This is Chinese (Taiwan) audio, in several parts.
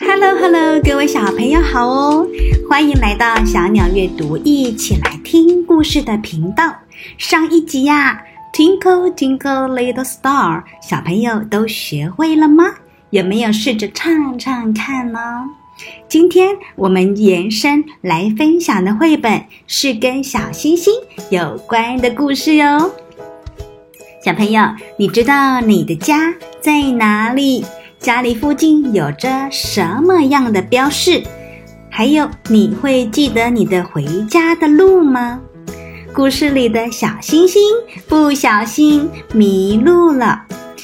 Hello，Hello，各位小朋友好哦，歡迎來到小鳥閱讀，一起來聽故事的頻道。上一集呀，Twinkle Twinkle Little Star，小朋友都學會了嗎？有沒有試着唱唱看呢？今天我們延伸來分享的繪本是跟小星星有關的故事喲。小朋友，你知道你的家在哪裡？家裡附近有着什麼樣的標示？還有，你會記得你的回家的路嗎？故事裡的小星星不小心迷路了，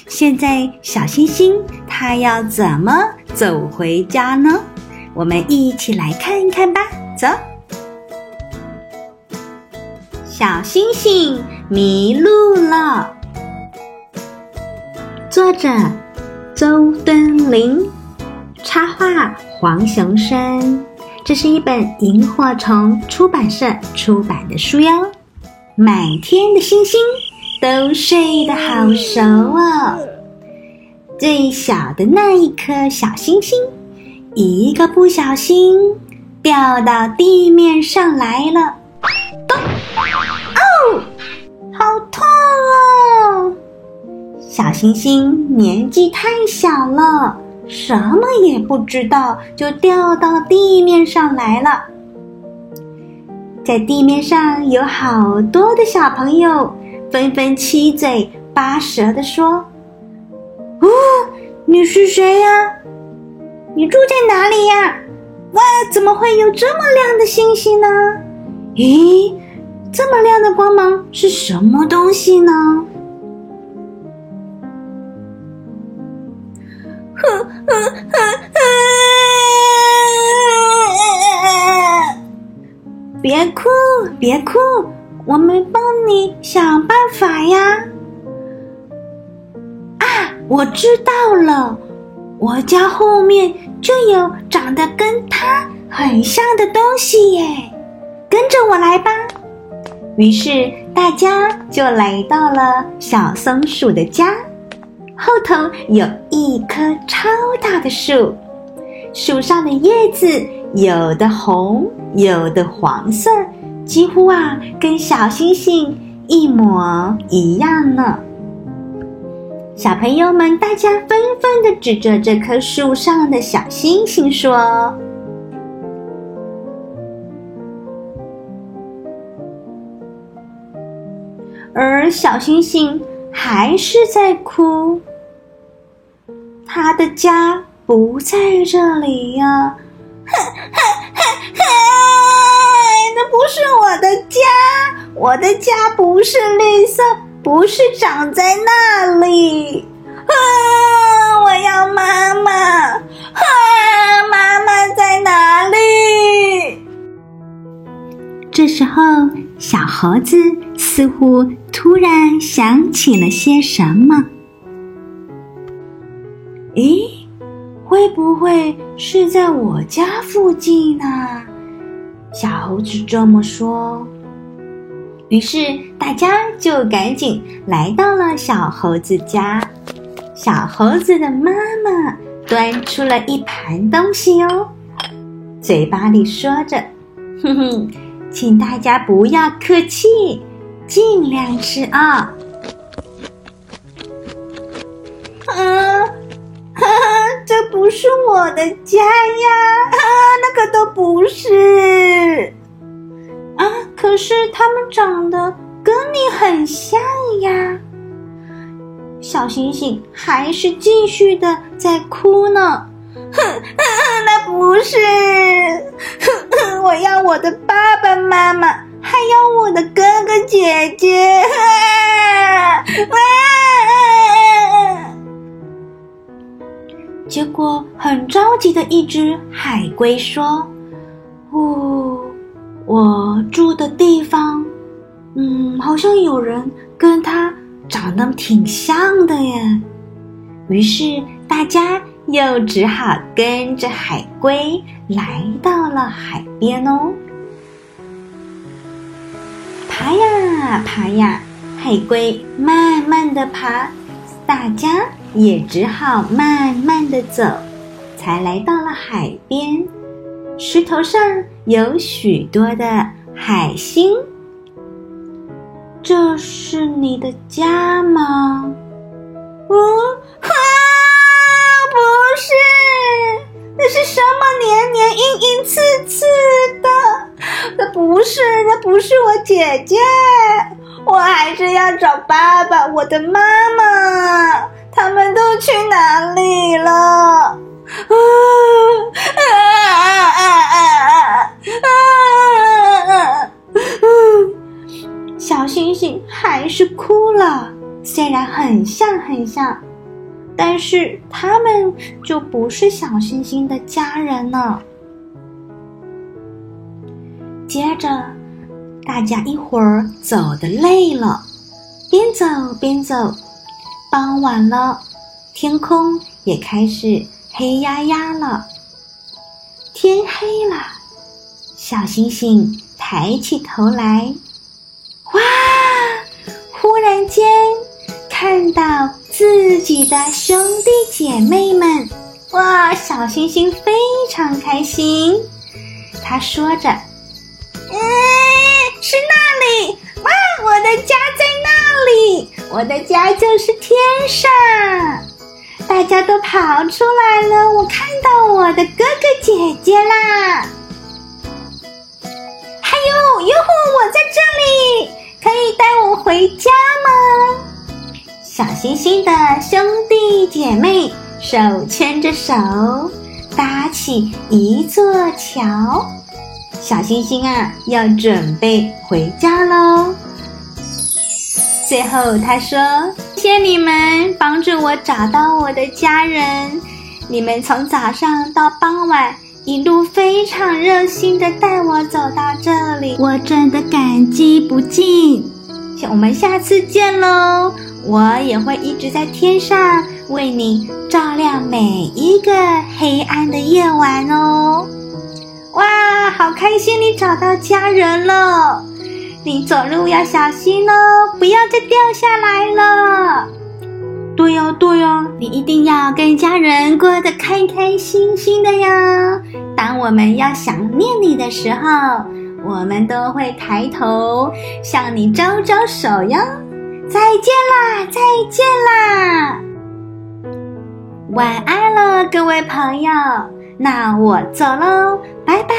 現在小星星它要怎麼走回家呢？我們一起來看一看吧。走，小星星迷路了。作者。鄒敦憐插畫，黃雄生。這是一本螢火蟲出版社出版的書喲。滿天的星星都睡得好熟哦。最小的那一顆小星星，一個不小心掉到地面上來了。咚哦，好痛！小星星年紀太小了，什麼也不知道，就掉到地面上來了。在地面上有好多的小朋友，紛紛七嘴八舌的說：“哦，你是誰呀、啊？你住在哪裡呀、啊？哇，怎麼會有這麼亮的星星呢？咦，這麼亮的光芒是什麼東西呢？”啊啊啊！別哭，別哭，我們幫你想辦法呀！啊，我知道了，我家後面就有長得跟它很像的東西耶，跟着我來吧。於是大家就來到了小松鼠的家。後頭有一棵超大的樹，樹上的葉子有的紅，有的黃色，幾乎啊跟小星星一模一樣呢。小朋友們，大家紛紛的指着這棵樹上的小星星說：“而小星星。”還是在哭。他的家不在這裡呀！哼哼哼哼！那不是我的家，我的家不是綠色，不是長在那裡。啊！我要媽媽！啊！媽媽在哪裡？這時候，小猴子似乎突然想起了些什麼。“咦，會不會是在我家附近呢？”小猴子這麼說。於是大家就趕緊來到了小猴子家。小猴子的媽媽端出了一盤東西喲，嘴巴裡說着：“哼哼。”請大家不要客氣盡量吃、哦、啊！啊，這不是我的家呀，啊、那可都不是。啊，可是他們長得跟你很像呀。小星星還是繼續的在哭呢。哼，那不是。哼哼，我要。我的爸爸媽媽，還有我的哥哥姐姐，啊啊啊啊、結果很着急的一只海龜說：“嗚、哦，我住的地方，嗯，好像有人跟他長得挺像的耶。”於是大家。又只好跟着海龜來到了海邊哦，爬呀爬呀，海龜慢慢的爬，大家也只好慢慢的走，才來到了海邊。石頭上有許多的海星。這是你的家嗎？哦。不是，那是什麼？黏黏硬硬刺刺的。那不是，那不是我姐姐。我還是要找爸爸，我的媽媽。他們都去哪裡了？啊啊啊啊啊啊啊啊！小星星還是哭了，雖然很像，很像。但是他們就不是小星星的家人了。接着，大家一會兒走得累了，邊走邊走，傍晚了，天空也開始黑壓壓了。天黑了，小星星抬起頭來，哇！忽然間看到。自己的兄弟姐妹們，哇！小星星非常開心，他說着：“哎，是那裡！哇，我的家在那裡，我的家就是天上。”大家都跑出來了，我看到我的哥哥姐姐啦！還有，呦吼，我在這裡，可以帶我回家嗎？小星星的兄弟姐妹手牽着手搭起一座橋，小星星啊，要準備回家嘍。最後他說：“謝謝你們幫助我找到我的家人，你們從早上到傍晚一路非常熱心地帶我走到這裡，我真的感激不盡。我們下次見嘍。”我也會一直在天上為你照亮每一個黑暗的夜晚哦！哇，好開心你找到家人了！你走路要小心哦，不要再掉下來了。對哦，對哦，你一定要跟家人過得開開心心的呀！當我們要想念你的時候，我們都會抬頭向你招招手喲。再見啦，再見啦，晚安了，各位朋友，那我走嘍，拜拜。